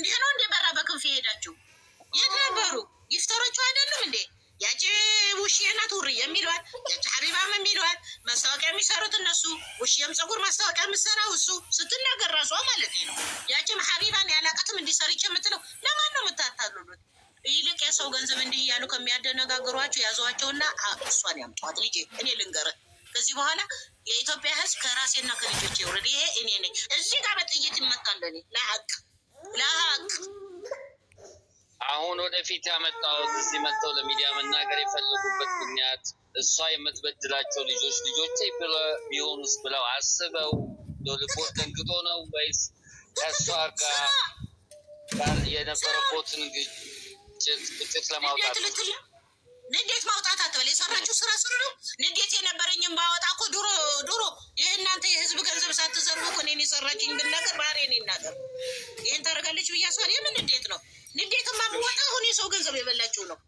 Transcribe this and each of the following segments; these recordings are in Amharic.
እንዲህ ነው እንዴ? በራ በክንፍ የሄዳችሁ የት ነበሩ? ይፍተሮቹ አይደሉም እንዴ? ያቺ ውሽና ቱር የሚሏት ያቺ ሀቢባም የሚሏት ማስታወቂያ የሚሰሩት እነሱ፣ ውሽዬም ፀጉር ማስታወቂያ የምትሰራው እሱ ስትናገር ራሷ ማለት ነው። ያቺም ሀቢባን ያላቀትም እንዲሰርች የምትለው ለማን ነው የምታታሉሉት? ይልቅ የሰው ገንዘብ እንዲህ እያሉ ከሚያደነጋግሯቸው ያዘዋቸውና እሷን ያምጧት። ልጄ እኔ ልንገር፣ ከዚህ በኋላ የኢትዮጵያ ሕዝብ ከራሴና ከልጆች ይውረድ። ይሄ እኔ ነኝ። እዚህ ጋር በጥይት ይመታለሁ ለሀቅ ለሀቅ አሁን ወደፊት ያመጣሁት እዚህ መጥተው ለሚዲያ መናገር የፈለጉበት ምክንያት እሷ የምትበድላቸው ልጆች ልጆቼ ቢሆኑስ ብለው አስበው ሎልቦት ደንግጦ ነው ወይስ ከእሷ ጋር የነበረቦትን ግጭት ግጭት ለማውጣት ንዴት ማውጣት አትበል። የሰራችሁ ስራ ስሩ ነው። ንዴት የነበረኝም ባወጣ እኮ ድሮ ድሮ ይህ የህዝብ ገንዘብ ሳትዘርቡ እኮ እኔን የሰራችኝ ብናገር ባህሬ ኔ ይናገር ይህን ታደርጋለች ብዬ አስባለሁ። የምን ንዴት ነው? ንዴት ብወጣ ሁን የሰው ገንዘብ የበላችሁ ነው።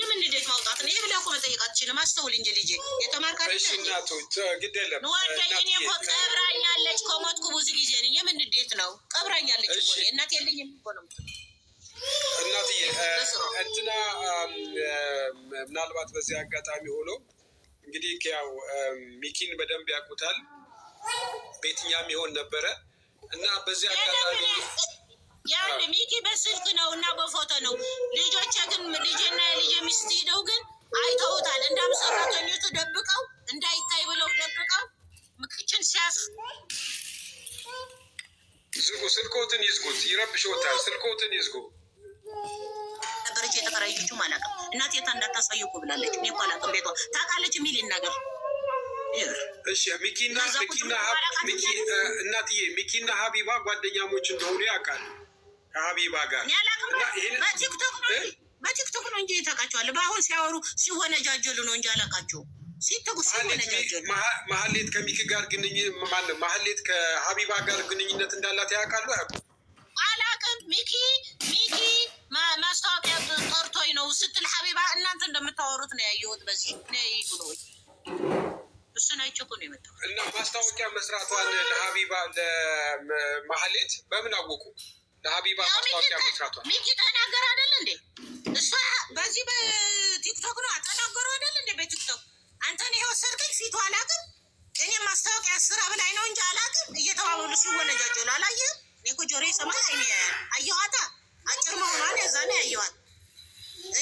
የምን ንዴት ማውጣት ነው? ይህ ብላ እኮ መጠየቅ አትችልም። አስተውል እንጂ ልጄ፣ የተማርክ ወደይኔ እኮ ቀብራኛለች። ከሞትኩ ብዙ ጊዜ ነው። የምን ንዴት ነው? ቀብራኛለች እኮ እናት የለኝም እኮ ነው እናትዬ እንትና ምናልባት በዚህ አጋጣሚ ሆኖ እንግዲህ ያው ሚኪን በደንብ ያውቁታል። ቤትኛም ይሆን ነበረ እና በዚህ አጋጣሚ ያን ሚኪ በስልክ ነው እና በፎቶ ነው። ልጆቼ ግን ልጅና የልጅ ሚስት ሂደው ግን አይተውታል። እንዳም ሰራተኞቹ ደብቀው እንዳይታይ ብለው ደብቀው ምክችን ሲያስ ዝጉ፣ ስልኮትን ይዝጉት፣ ይረብሾታል። ስልኮትን ይዝጉ። ነበረች የተከራየችው አላውቅም። እናቴ የታ እንዳታሳየው እኮ ብላለች። እኔ እኮ አላውቅም። ቤቷ ታውቃለች የሚል ይናገር። እናትዬ ሚኪና ሀቢባ ጓደኛሞች እንደሆኑ ያውቃል ከሀቢባ ጋር በቲክቶክ ነው እንጂ ታውቃቸዋለህ። በአሁን ሲያወሩ ሲወነጃጀሉ ነው እንጂ አላውቃቸውም። ሲትጉ ሲወነጃጀሉ መሀሌት ከሚኪ ጋር ግንኙነት ማነው መሀሌት ከሀቢባ ጋር ግንኙነት እንዳላት ያውቃሉ አያውቁም? አላውቅም ሚኪ ሚኪ ማስታወቂያ ጠርቶኝ ነው ስትል ሀቢባ እናንተ እንደምታወሩት ነው ያየሁት። በዚህ ብሎኝ እሱን አይቼ እኮ ነው የመጣሁት። እና ማስታወቂያ መስራቷን ለሀቢባ ለማህሌት በምን አወቁ? ለሀቢባ ማስታወቂያ መስራቷን ሚኪ ተናገር አይደል እንዴ? እሷ በዚህ በቲክቶክ ነው አጠናገሩ አይደል እንዴ? በቲክቶክ አንተን ይኸው ሰርቅኝ ፊቱ አላቅም። እኔ ማስታወቂያ ስራ ብላይ ነው እንጂ አላቅም። እየተባበሉ ሲወነጃጀሉ አላየህም? እኔ እኮ ጆሮዬ ይሰማል። አይኔ አየኋታ አጭር መሆኗን እዛ ነው ያየዋል።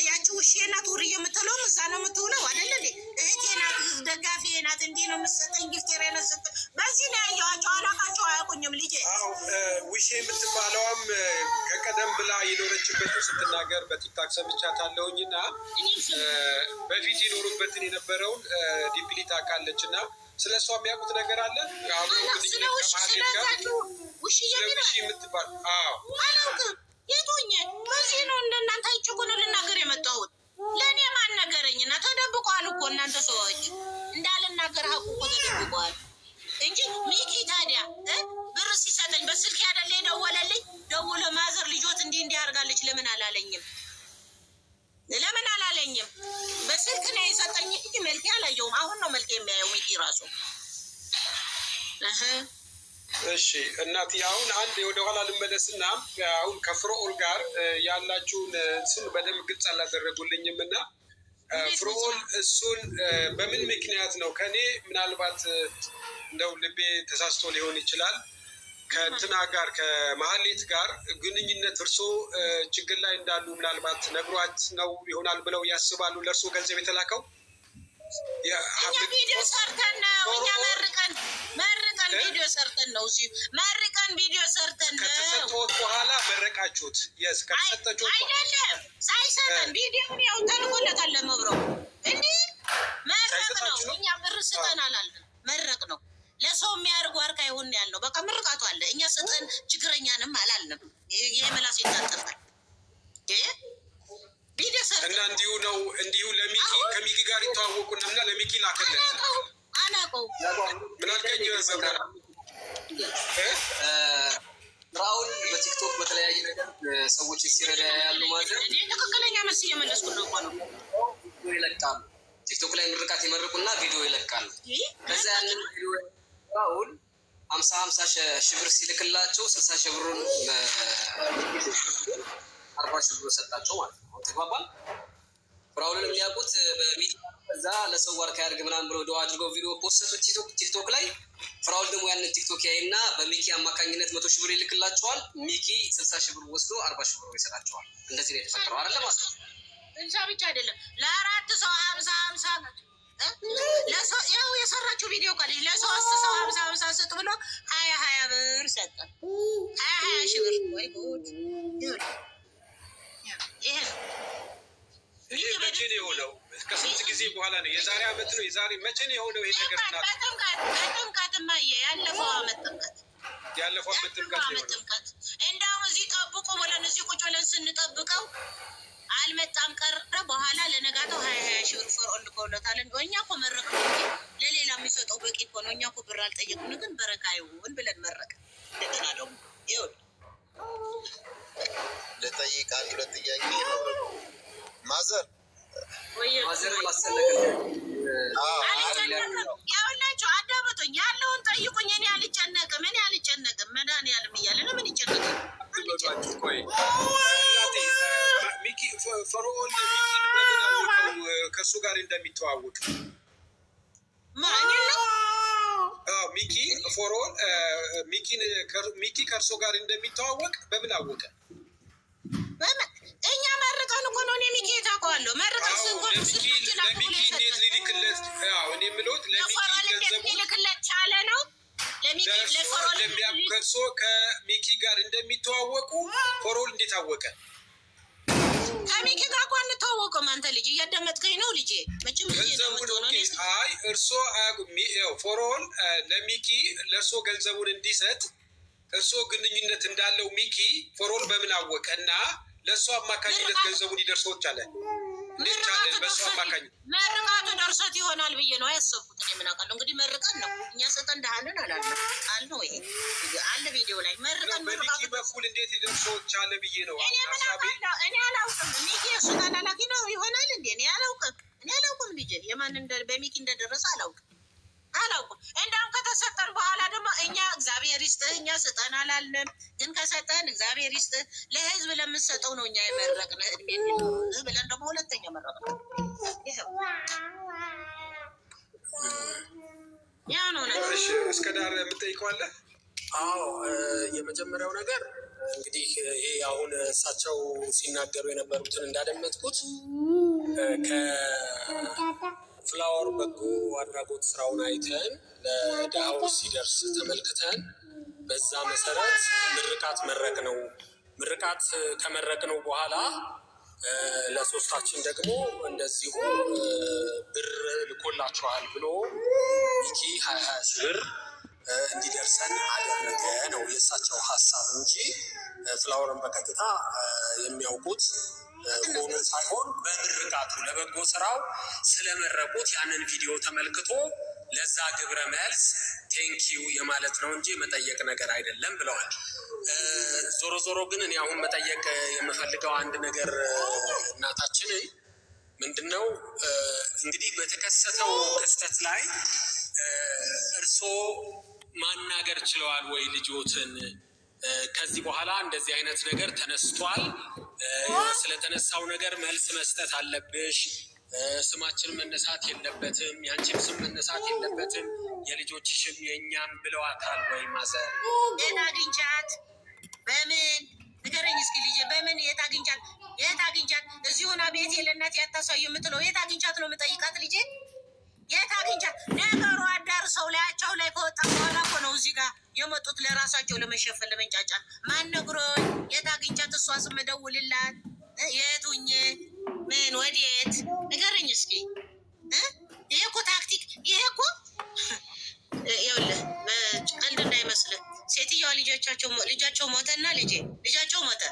ያቺ ውሽ ናት ውር የምትለውም እዛ ነው የምትውለው አደለ? እህቴ ናት፣ ደጋፊ ናት፣ እንዲህ ነው የምትሰጠኝ ጊፍቴር ነስጥ በዚህ ነው ያየዋቸው። አላቃቸው አያቆኝም። ልጄ ውሽ የምትባለውም ከቀደም ብላ የኖረችበት ስትናገር በቲክታክ ሰምቻታለሁኝ እና በፊት ይኖሩበትን የነበረውን ዲፕሊት አካለች እና ስለ እሷ የሚያውቁት ነገር አለ ስለውሽ ስለዛች ውሽ የምትባል አላውቅም የቱኝ በዚህ ነው እናንተ ልናገር የመጣሁት ለእኔ ማን ተደብቋል እኮ እናንተ ሰዎች እንዳልናገር ሀቁ እኮ ተደብቋል እንጂ ሚኪ ታዲያ ብር ሲሰጠኝ በስልክ ያደለ የደወለልኝ ደውሎ ማዘር ልጆት እንዲህ እንዲህ አድርጋለች ለምን አላለኝም ለምን አላለኝም? በስልክ ነው የሰጠኝ እንጂ መልኬ አላየውም። አሁን ነው መልኬ የሚያየው ሚኪ ራሱ እሺ እናት አሁን አንድ ወደኋላ ልመለስና አሁን ከፍርኦል ጋር ያላችሁን ስን በደንብ ግልጽ አላደረጉልኝም እና ፍርኦል እሱን በምን ምክንያት ነው ከኔ ምናልባት እንደው ልቤ ተሳስቶ ሊሆን ይችላል ከእንትና ጋር ከመሀሌት ጋር ግንኙነት እርሶ ችግር ላይ እንዳሉ ምናልባት ነግሯት ነው ይሆናል ብለው ያስባሉ ለእርሶ ገንዘብ የተላከው እኛ ቪዲዮ ሰርተን ነው። እኛ መርቀን መርቀን ቪዲዮ ሰርተን ነው። እዚሁ መርቀን ቪዲዮ ሰርተን ነው። ከተሰጠሁት በኋላ መረቃችሁት? የስ ከተሰጠችሁት አይደለም፣ ሳይሰጠን ቪዲዮውን ያው ተልኮለታል ለመብረቁ ሀምሳ ሺህ ብር ሲልክላቸው ስልሳ ሺህ ብሩን አርባ ሺህ ብር ሰጣቸው ማለት ነው። ተግባባል። ብራውንን የሚያውቁት በሚዲያ እዛ ለሰው ዋርካ ያድርግ ምናምን ብሎ ደ አድርገው ቪዲዮ ፖስተቱን ቲክቶክ ላይ ፍራውል ደግሞ ያንን ቲክቶክ ያይ እና በሚኪ አማካኝነት መቶ ሺህ ብር ይልክላቸዋል። ሚኪ ስልሳ ሺህ ብር ወስዶ አርባ ሺህ ብር ይሰጣቸዋል። እንደዚህ ነው የተፈጠረው። አለ ማለት ነው። ስልሳ ብቻ አይደለም ለአራት ሰው ሀምሳ ሀምሳ ያው የሰራችው ቪዲዮ ቃል ለሰው አስሰው ሀምሳ ሀምሳ ስጥ ብሎ ሀያ ሀያ ብር ሰጠ። ሀያ ሀያ ሺህ ብር ወይ ጉድ! ይሄ መቼ ነው የሆነው? ከስንት ጊዜ በኋላ ነው? የዛሬ አመት ነው? የዛሬ መቼ ነው የሆነው ይሄ ነገር? ጥምቀትማ ያለፈው አመት ጥምቀት ያለፈው አመት ጥምቀት እንደውም እዚህ ጠብቁ ብለን እዚህ ቁጭ ብለን ስንጠብቀው አልመጣም ቀረ። በኋላ ለነጋተው ሀያ ሀያ ሺ ሺህ ኦልድ ልከውለታል። እኛ ኮ መረቅ ለሌላ የሚሰጠው በቂ እኮ ነው። እኛ እኮ ብር አልጠየቅም፣ ግን በረካ ይሁን ብለን መረቅ። እንደገና ደግሞ ይሁን ልጠይቅ ሁለት ጥያቄ ነው ማዘር አልጨነቅም። ያሁላችሁ አዳመጡኝ። ያለውን ጠይቁኝ። እኔ አልጨነቅም እኔ ስለሚተዋወቅ ሚኪ ፎሮን ሚኪ ከእርሶ ጋር እንደሚተዋወቅ በምን አወቀ? እኛ መርቀን እኮ ነው። እኔ ሚኪ ታውቀዋለሁ። መርቀን ስንጎን እንዴት ሊልክለት እኔ የምልዎት ለሚኪ ገንዘቡ ሊልክለት ቻለ ነው ከእርሶ ከሚኪ ጋር እንደሚተዋወቁ ፎሮን እንዴት አወቀ? ከሚኪ ጋር እኮ አንተዋወቅም። አንተ ልጅ እያዳመጥከኝ ነው ልጄ? መቼም አይ እርሶ አያውቁም። ፎሮን ለሚኪ ለእርሶ ገንዘቡን እንዲሰጥ እርሶ ግንኙነት እንዳለው ሚኪ ፎሮን በምን አወቀ? እና ለእሱ አማካኝነት ገንዘቡን ይደርሶች አለ መርቃቱ ደርሶት ይሆናል ብዬ ነው ያሰብኩት። እኔ ምን አውቃለሁ እንግዲህ መርቀን ነው እኛ ሰጠን እንዳለን አላለ አልነ ይሄ አለ ቪዲዮ ላይ መርቀን መርቃቱ በኩል እንዴት ይደርሶች አለ ብዬ ነው እኔ ምን አውቃለሁ። እኔ አላውቅም። ሚኪ እሱን አላላኪ ነው ይሆናል እንዴ? እኔ አላውቅም። እኔ አላውቅም። ልጅ የማን በሚኪ እንደደረሰ አላውቅም አላውቅም። እንደውም ከተሰጠን በኋላ ደግሞ እኛ እግዚአብሔር ይስጥህ እኛ ስጠን አላለም ግን ከሰጠን እግዚአብሔር ይስጥ። ለህዝብ ለምሰጠው ነው እኛ የመረቅነ እድሜ ብለን ደግሞ ሁለተኛ መረቅነ ነው ነገር። እስከ ዳር የምጠይቀዋለህ? አዎ የመጀመሪያው ነገር እንግዲህ ይሄ አሁን እሳቸው ሲናገሩ የነበሩትን እንዳደመጥኩት ከፍላወር በጎ አድራጎት ስራውን አይተን ለድሃው ሲደርስ ተመልክተን በዛ መሰረት ምርቃት መረቅ ነው። ምርቃት ከመረቅ ነው በኋላ ለሶስታችን ደግሞ እንደዚሁ ብር ልኮላችኋል ብሎ ሚኪ ሀያ ሀያ ሺህ ብር እንዲደርሰን አደረገ ነው የእሳቸው ሀሳብ እንጂ ፍላወርን በቀጥታ የሚያውቁት ሆኖ ሳይሆን በምርቃቱ ለበጎ ስራው ስለመረቁት ያንን ቪዲዮ ተመልክቶ ለዛ ግብረ መልስ ቴንኪው የማለት ነው እንጂ መጠየቅ ነገር አይደለም ብለዋል። ዞሮ ዞሮ ግን እኔ አሁን መጠየቅ የምፈልገው አንድ ነገር እናታችንን ምንድነው እንግዲህ በተከሰተው ክስተት ላይ እርስዎ ማናገር ችለዋል ወይ ልጆትን? ከዚህ በኋላ እንደዚህ አይነት ነገር ተነስቷል፣ ስለተነሳው ነገር መልስ መስጠት አለብሽ፣ ስማችን መነሳት የለበትም፣ ያንቺም ስም መነሳት የለበትም የልጆችሽም የእኛም ብለዋታል ወይ ማዘር? የት አግኝቻት? በምን ንገረኝ እስኪ ልጄ፣ በምን የት አግኝቻት? የት አግኝቻት? እዚህ ሆና ቤት የለናት ያታሳዩ የምትለው የት አግኝቻት ነው የምጠይቃት ልጄ። የት አግኝቻት? ነገሩ አዳርሰው ላያቸው ላይ ከወጣ በኋላ እኮ ነው እዚህ ጋር የመጡት ለራሳቸው ለመሸፈን ለመንጫጫ። ማን ነግሮኝ? የት አግኝቻት? እሷ ስም እደውልላት። የቱኝ? ምን ወዴት ሞተና ልጄ ልጃቸው መጠ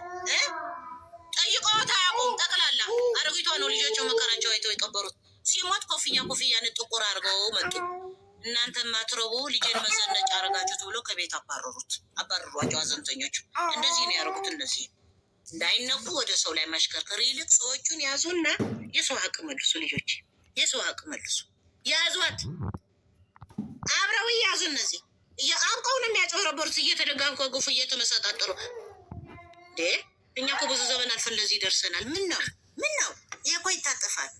ጠይቀዎት አያውቁም። ጠቅላላ አሮጊቷ ነው ልጃቸው መከራቸው አይተው የቀበሩት። ሲሞት ኮፍያ ኮፍያንን ጥቁር አድርገው መጡ። እናንተ ማትረቡ ልጄን መዘነጫ አረጋችሁት ብሎ ከቤት አባረሩት፣ አባረሯቸው። አዘንተኞቹ እንደዚህ ነው ያደርጉት። እነዚህ እንዳይነኩ ወደ ሰው ላይ መሽከርከር ይልቅ ሰዎቹን ያዙና የሰው ሀቅ መልሱ፣ ልጆች የሰው ሀቅ መልሱ፣ ያዟት አብረው ቁርስ እየተደጋግኳ ጎፍ እየተመሰጣጠሩ እኛ እኮ ብዙ ዘመን አልፈን ለዚህ ደርሰናል። ምን ነው ምን ነው የኮ ይታጠፋል።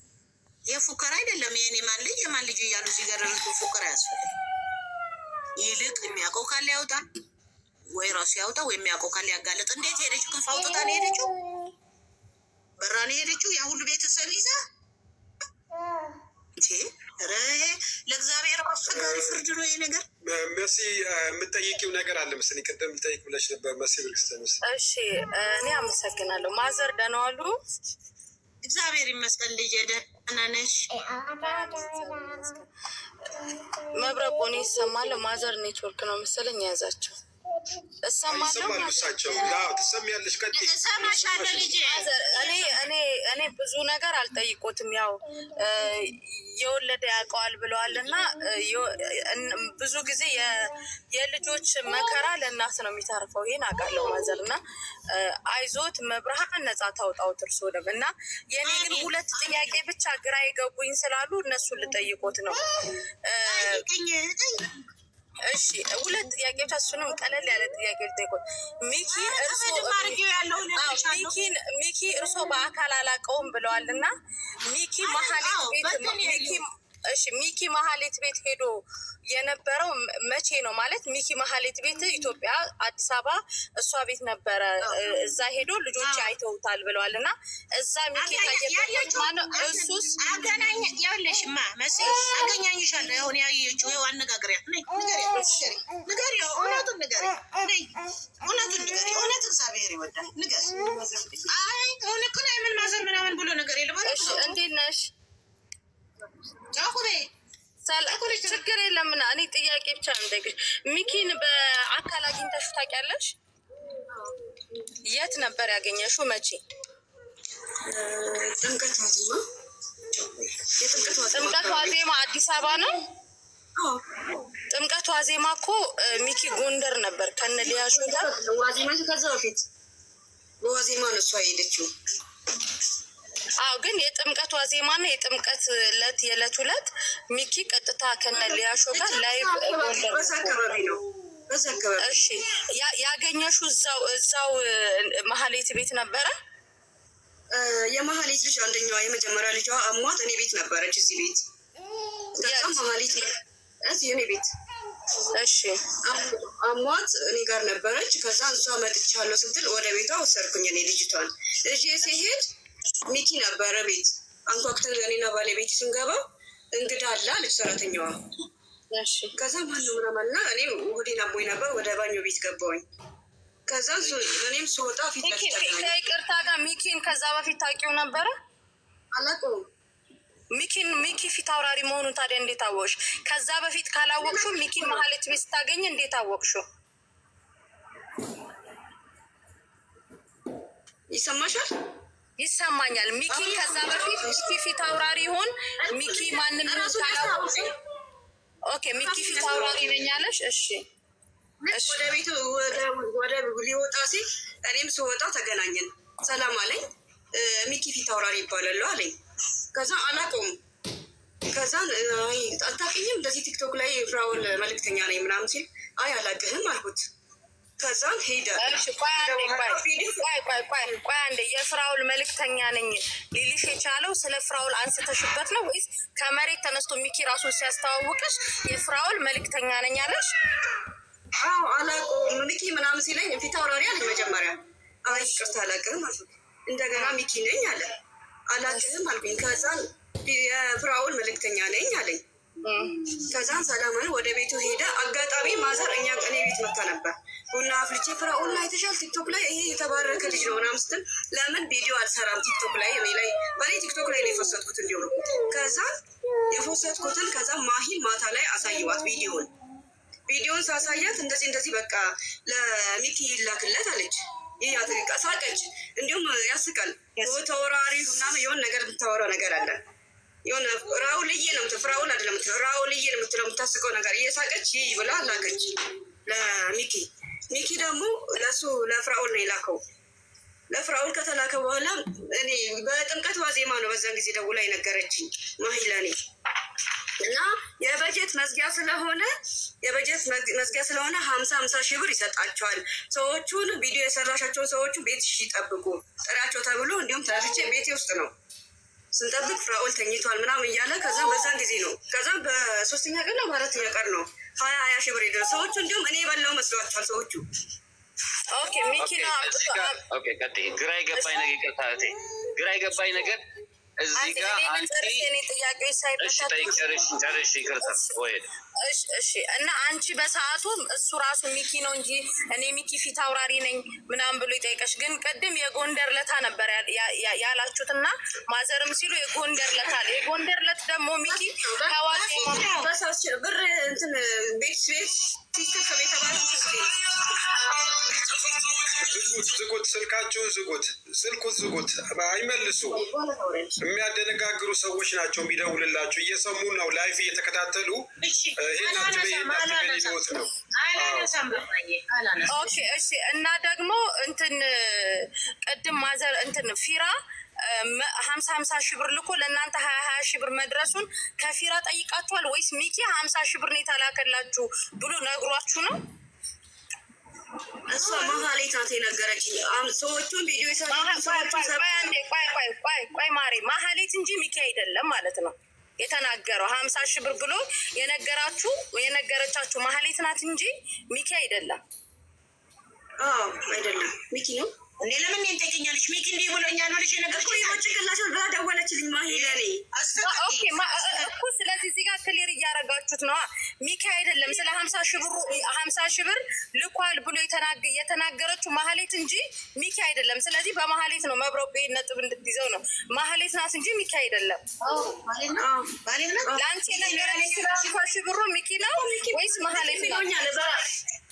የፉከራ አይደለም የኔ ማን ልጅ የማን ልጅ እያሉ ሲገረርቱ ፉከራ ያስፈልግ። ይልቅ የሚያውቀው ካለ ያውጣ፣ ወይ ራሱ ያውጣ፣ ወይ የሚያውቀው ካለ ያጋለጥ። እንዴት ሄደችው? ክንፍ አውጥታ ነው ሄደችው። በራ ነው ሄደችው። ያ ሁሉ ቤተሰብ ይዛ ለእግዚአብሔር አስቸጋሪ ፍርድ ነው ይሄ ነገር። መሲ የምጠይቂው ነገር አለ መሰለኝ፣ ቅድም ልጠይቅ ብለሽ ነበር መሲ እሺ እኔ አመሰግናለሁ። ማዘር ደህና ዋሉ? እግዚአብሔር ይመስገን ልጄ ደህና ነሽ? ይሰማለሁ። ማዘር ኔትወርክ ነው መሰለኝ የያዛቸው እኔ ብዙ ነገር አልጠይቆትም። ያው የወለደ ያውቀዋል ብለዋል እና ብዙ ጊዜ የልጆች መከራ ለእናት ነው የሚታርፈው። ይህን አውቃለሁ ማዘር እና አይዞት መብርሃን ነፃ ታውጣውት እርስዎንም እና የእኔ ግን ሁለት ጥያቄ ብቻ ግራ የገቡኝ ስላሉ እነሱን ልጠይቆት ነው። እሺ ሁለት ጥያቄዎች እሱንም ቀለል ያለ ጥያቄዎች ጠይቆ ሚኪ ሚኪ እርሶ በአካል አላቀውም ብለዋል እና ሚኪ መሀሌት ቤት ሚኪ እሺ ሚኪ መሀሌት ቤት ሄዶ የነበረው መቼ ነው ማለት? ሚኪ መሀሌት ቤት ኢትዮጵያ አዲስ አበባ እሷ ቤት ነበረ። እዛ ሄዶ ልጆች አይተውታል ብለዋል። እና እዛ ሚኪ እሱስ ያለሽማ መስ አገኛኝሻለሁ። ያሁን ያየችው ይኸው አነጋግሪያት ንገሪው፣ እውነቱን ንገሪው፣ እውነቱን ንገሪው። እውነት እግዚአብሔር ይወዳል። ንገሪው ሚኪን በአካል አግኝተሽው ታውቂያለሽ? የት ነበር ያገኘሽው? መቼ? ጥምቀት ዋዜማ አዲስ አበባ ነው። ጥምቀት ዋዜማ እኮ ሚኪ ጎንደር ነበር ከነ ሊያሹ ጋር ዋዜማ ከዛ በፊት በዋዜማ ነው እሷ ሄደችው አዎ፣ ግን የጥምቀት ዋዜማና የጥምቀት ዕለት የዕለት ሁለት ሚኪ ቀጥታ ከነ ሊያሾ ጋር ላይ እሺ፣ ያገኘሹ እዛው እዛው መሀሌት ቤት ነበረ። የመሀሌት ልጅ አንደኛዋ የመጀመሪያ ልጇ አሟት እኔ ቤት ነበረች። እዚህ ቤት መሀሌት እዚህ እኔ ቤት እሺ አሟት እኔ ጋር ነበረች። ከዛ እሷ መጥቻለሁ ስትል ወደ ቤቷ ወሰድኩኝ እኔ ልጅቷን ልጄ ሲሄድ ሚኪ ነበረ ቤት አንኳኩተን እኔና ባለቤት ስንገባ እንግዳ አለ አለች ሰራተኛዋ። ከዛ ማን ምናምና እኔ ሆዴን አሞኝ ነበር ወደ ባኞ ቤት ገባሁኝ። ከዛ እኔም ስወጣ ፊት ይቅርታ ጋር ሚኪን ከዛ በፊት ታውቂው ነበረ? አላውቅም። ሚኪን ሚኪ ፊት አውራሪ መሆኑን ታዲያ እንዴት አወቅሽ? ከዛ በፊት ካላወቅሹ ሚኪን መሀሌት ቤት ስታገኝ እንዴት አወቅሹ? ይሰማሻል? ይሰማኛል። ሚኪ ከዛ በፊት ሚኪ ፊት አውራሪ ይሁን ሚኪ ማንም ታላቁ ኦኬ፣ ሚኪ ፊት አውራሪ ነኝ አለሽ። እሺ እሺ፣ ወደ ቤቱ ወደ ሊወጣ ሲ እኔም ስወጣ ተገናኘን። ሰላም አለኝ። ሚኪ ፊት አውራሪ ይባላል አለኝ። ከዛ አላውቀውም። ከዛ አይ አታውቂኝም፣ እንደዚህ ቲክቶክ ላይ ፍራውል መልእክተኛ ነኝ ምናምን ሲል አይ አላውቅህም አልኩት። ከዛም ሄደ። ቆይ አንዴ የፍራውል መልእክተኛ ነኝ ሊልሽ የቻለው ስለ ፍራውል አንስተሽበት ነው ወይስ ከመሬት ተነስቶ ሚኪ ራሱን ሲያስተዋውቅሽ የፍራውል መልእክተኛ ነኝ አለሽ? አዎ አላውቀውም። ሚኪ ምናምን ሲለኝ ፊት አውራሪ አለኝ መጀመሪያ። አይ አልኩት። እንደገና ሚኪ ነኝ አለ። አላውቅህም አልኩኝ። ከዛም የፍራውል መልእክተኛ ነኝ አለኝ። ከዛን ሰላማዊ ወደ ቤቱ ሄደ። አጋጣሚ ማዘር እኛ ቀኔ ቤት መታ ነበር። ቡና አፍልቼ ፍራኦል ተሻል ቲክቶክ ላይ ይሄ የተባረከ ልጅ ነው ምናምን ስትል ለምን ቪዲዮ አልሰራም ቲክቶክ ላይ እኔ ላይ በእኔ ቲክቶክ ላይ ነው የፈሰጥኩት እንዲሁ ነው። ከዛ የፈሰጥኩትን ከዛ ማሂን ማታ ላይ አሳይዋት ቪዲዮን ቪዲዮን ሳሳያት እንደዚህ እንደዚህ በቃ ለሚኪ ይላክለት አለች። ይህ ያትቃ ሳቀች። እንዲሁም ያስቃል ተወራሪ ምናምን የሆን ነገር የምታወራው ነገር አለን የሆነ ራውልዬ ነው ፍራውል አይደለም ራውልዬ ነው የምትለው የምታስቀው ነገር እየሳቀች ይህ ብላ ላከች ለሚኪ። ሚኪ ደግሞ ለሱ ለፍራውል ነው የላከው። ለፍራውል ከተላከ በኋላ እኔ በጥምቀት ዋዜማ ነው በዛን ጊዜ ደውላ የነገረችኝ ማሂለኔ እና የበጀት መዝጊያ ስለሆነ የበጀት መዝጊያ ስለሆነ ሀምሳ ሀምሳ ሺህ ብር ይሰጣቸዋል። ሰዎቹን ቪዲዮ የሰራሻቸውን ሰዎቹ ቤት ይጠብቁ ጥሪያቸው ተብሎ እንዲሁም ተናፍቼ ቤቴ ውስጥ ነው ስንጠብቅ ፍራኦል ተኝቷል ምናምን እያለ ከዛ በዛን ጊዜ ነው። ከዛ በሶስተኛ ቀን ነው በአራተኛ ቀን ነው ሀያ ሀያ ሺህ ብር ሄደ። ሰዎቹ እንዲሁም እኔ የበላው መስሏቸዋል ሰዎቹ። ግራ የገባኝ ነገር ግራ የገባኝ ነገር እዚህ ጋር እና አንቺ በሰዓቱ እሱ ራሱ ሚኪ ነው እንጂ እኔ ሚኪ ፊት አውራሪ ነኝ ምናምን ብሎ ይጠይቀሽ። ግን ቅድም የጎንደር ለታ ነበር ያላችሁት እና ማዘርም ሲሉ የጎንደር ለታ አለ። የጎንደር ለት ደግሞ ሚኪ ታዋቂ ብር ቤት ቤት ሲስተር ከቤተባለ ዝጉት፣ ዝጉት፣ ስልካችሁን ዝጉት፣ ስልኩ ዝጉት፣ አይመልሱ። የሚያደነጋግሩ ሰዎች ናቸው የሚደውልላችሁ። እየሰሙ ነው፣ ላይፍ እየተከታተሉ ይሄናትበይናትበይወት ነው። ኦኬ እሺ። እና ደግሞ እንትን ቅድም ማዘር እንትን ፊራ ሀምሳ ሀምሳ ሺህ ብር ልኮ ለእናንተ ሀያ ሀያ ሺህ ብር መድረሱን ከፊራ ጠይቃችኋል ወይስ ሚኪ ሀምሳ ሺህ ብር ነው የተላከላችሁ ብሎ ነግሯችሁ ነው? እሷ መሀሌት ናት የነገረችኝ። ሰዎቹን ቪዲዮ ቆይ ማሬ መሀሌት እንጂ ሚኪ አይደለም ማለት ነው የተናገረው። ሀምሳ ሺህ ብር ብሎ የነገራችሁ የነገረቻችሁ መሀሌት ናት እንጂ ሚኪ አይደለም። አይደለም ሚኪ ነው እንዴ ለምን እኔን ጠይቀኛለሽ? ሚኪ እንዲህ ብሎኛል ብለሽ የነገርኩሽ እኮ ጭንቅላሽ ብላ ደወለችልኝ። ማሄለኔ እኮ ስለዚህ እዚህ ጋር ክሊር እያደረጋችሁት ነዋ። ሚኪ አይደለም ስለ ሀምሳ ሺህ ብሩ ሀምሳ ሺህ ብር ልኳል ብሎ የተናገረችው ማህሌት እንጂ ሚኪ አይደለም። ስለዚህ በማህሌት ነው መብረቁ ነጥብ እንድትይዘው ነው። ማህሌት ናት እንጂ ሚኪ አይደለም። ለአንቺ የነገረችሽ ሺህ ብሩ ሚኪ ነው ወይስ ማህሌት ናት?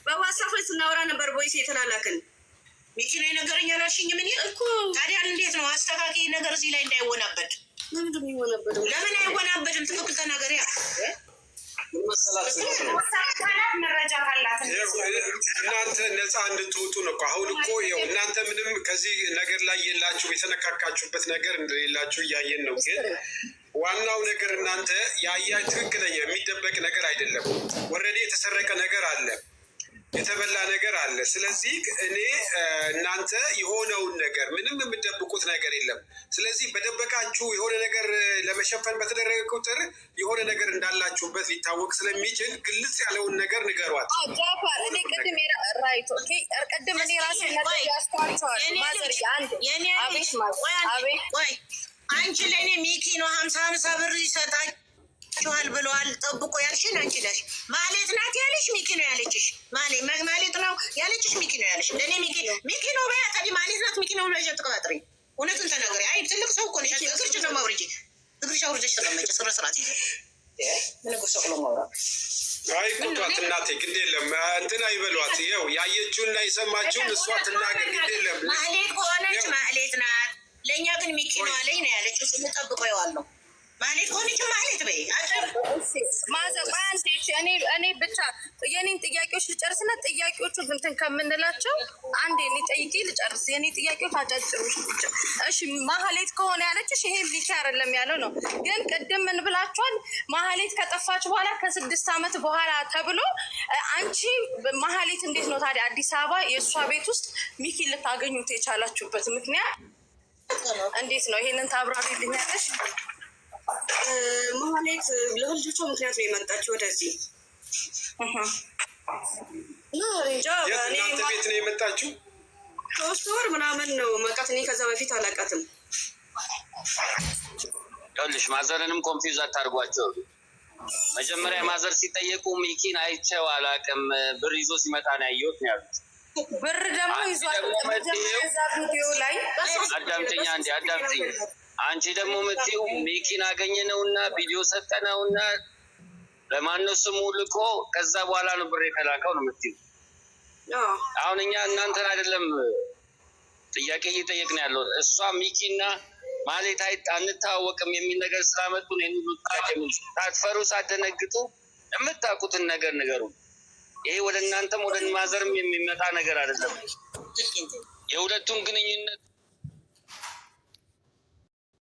በዋሳፎች ስናወራ ነበር ቦይስ የተላላክን ሚኪ ነገረኝ አላልሽኝም? እኔ እኮ ታዲያ እንዴት ነው አስተካኪ ነገር እዚህ ላይ እንዳይወናበድ። ለምን አይወናበድም? ትክክል ተናገሪያ። እናንተ ነፃ እንድትወጡ ነው እኮ አሁን እኮ ው እናንተ ምንም ከዚህ ነገር ላይ የላችሁ የተነካካችሁበት ነገር እንደሌላችሁ እያየን ነው። ግን ዋናው ነገር እናንተ ያያ ትክክለኛ የሚደበቅ ነገር አይደለም። ወረዴ የተሰረቀ ነገር አለ የተበላ ነገር አለ። ስለዚህ እኔ እናንተ የሆነውን ነገር ምንም የምደብቁት ነገር የለም። ስለዚህ በደበቃችሁ የሆነ ነገር ለመሸፈን በተደረገ ቁጥር የሆነ ነገር እንዳላችሁበት ሊታወቅ ስለሚችል ግልጽ ያለውን ነገር ንገሯት። ቅድም እኔ ራሴ ያስቸዋቸዋል። አንቺ ለእኔ ሚኪ ነው ሀምሳ ሀምሳ ብር ይሰጣል ችኋል ብለዋል ጠብቆ ያልሽን አንቺ ነሽ ማለት ናት ያለሽ ሚኪ ነው ያለችሽ ማለት ነው ያለችሽ ሚኪ ነው ያለሽ ለእኔ ሚኪ ሚኪ ነው በያ ታዲያ ማለት ናት ሚኪ ነው ብለሽ አትቀባጥሪ እውነቱን ተናገሪ አይ ትልቅ ሰው እኮ ነሽ እግርሽ ነው ማውረጂ እግርሽ አውርደሽ ተቀመጭ ስረ ስርዓት ይዘ ምንጉ ሰቅሎ ማውራ አይ ቁጧት እናቴ ግድ የለም እንትን አይበሏት ው ያየችውና የሰማችውን እሷ ትናገር ግድ የለም ማሌት ከሆነች ማሌት ናት ለእኛ ግን ሚኪ ነው አለኝ ነው ያለችው ስንጠብቀው ይዋል ነው ማለት ሆንች ማለት በይ ማዘር እኔ እኔ ብቻ የኔን ጥያቄዎች ልጨርስና ጥያቄዎቹ እንትን ከምንላቸው አንዴ እኔ ጠይቄ ልጨርስ። የኔ ጥያቄዎች አጫጭሮች ናቸው። እሺ ማህሌት ከሆነ ያለችሽ ይሄ ሚኪ አይደለም ያለው ነው። ግን ቅድም ምን ብላችኋል? ማህሌት ከጠፋች በኋላ ከስድስት ዓመት በኋላ ተብሎ አንቺ ማህሌት እንዴት ነው ታዲያ አዲስ አበባ የእሷ ቤት ውስጥ ሚኪ ልታገኙት የቻላችሁበት ምክንያት እንዴት ነው? ይሄንን ታብራሪ መሀሌት ለልጆቹ ምክንያት ነው የመጣችው ወደዚህ ቤት ነው የመጣችው። ሶስት ወር ምናምን ነው መቃት። እኔ ከዛ በፊት አላቃትም። ይኸውልሽ ማዘርንም ኮንፊውዝ አታርጓቸው። መጀመሪያ ማዘር ሲጠየቁ ሚኪን አይቼው አላውቅም፣ ብር ይዞ ሲመጣ ነው ያየሁት ነው ያሉት። ብር ደግሞ ይዟል። አዳምጠኛ እንዲ አዳምጠኛ አንቺ ደግሞ የምትይው ሚኪን አገኘነውና ቪዲዮ ሰጠነውና ለማነው ስሙ ልኮ ከዛ በኋላ ነው ብር የተላከው ነው የምትይው። አሁን እኛ እናንተን አይደለም ጥያቄ ነው ያለው እሷ ሚኪና ማሌት አንታወቅም የሚል ነገር ስላመጡ ሳትፈሩ ሳትደነግጡ የምታውቁትን ነገር ንገሩ። ይሄ ወደ እናንተም ወደ ማዘርም የሚመጣ ነገር አይደለም። የሁለቱን ግንኙነት